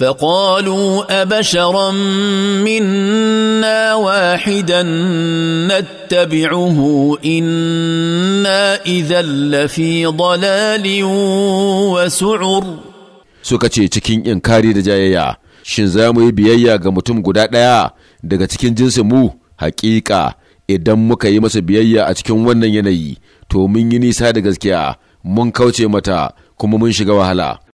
فقالوا أبشرا منا واحدا نتبعه إنا إذا لفي ضلال وسعر suka ce cikin inkari da jayayya shin za mu yi biyayya ga mutum guda ɗaya daga cikin jinsin mu hakika idan muka yi masa biyayya a cikin wannan yanayi to mun yi nisa da gaskiya mun kauce mata kuma mun shiga wahala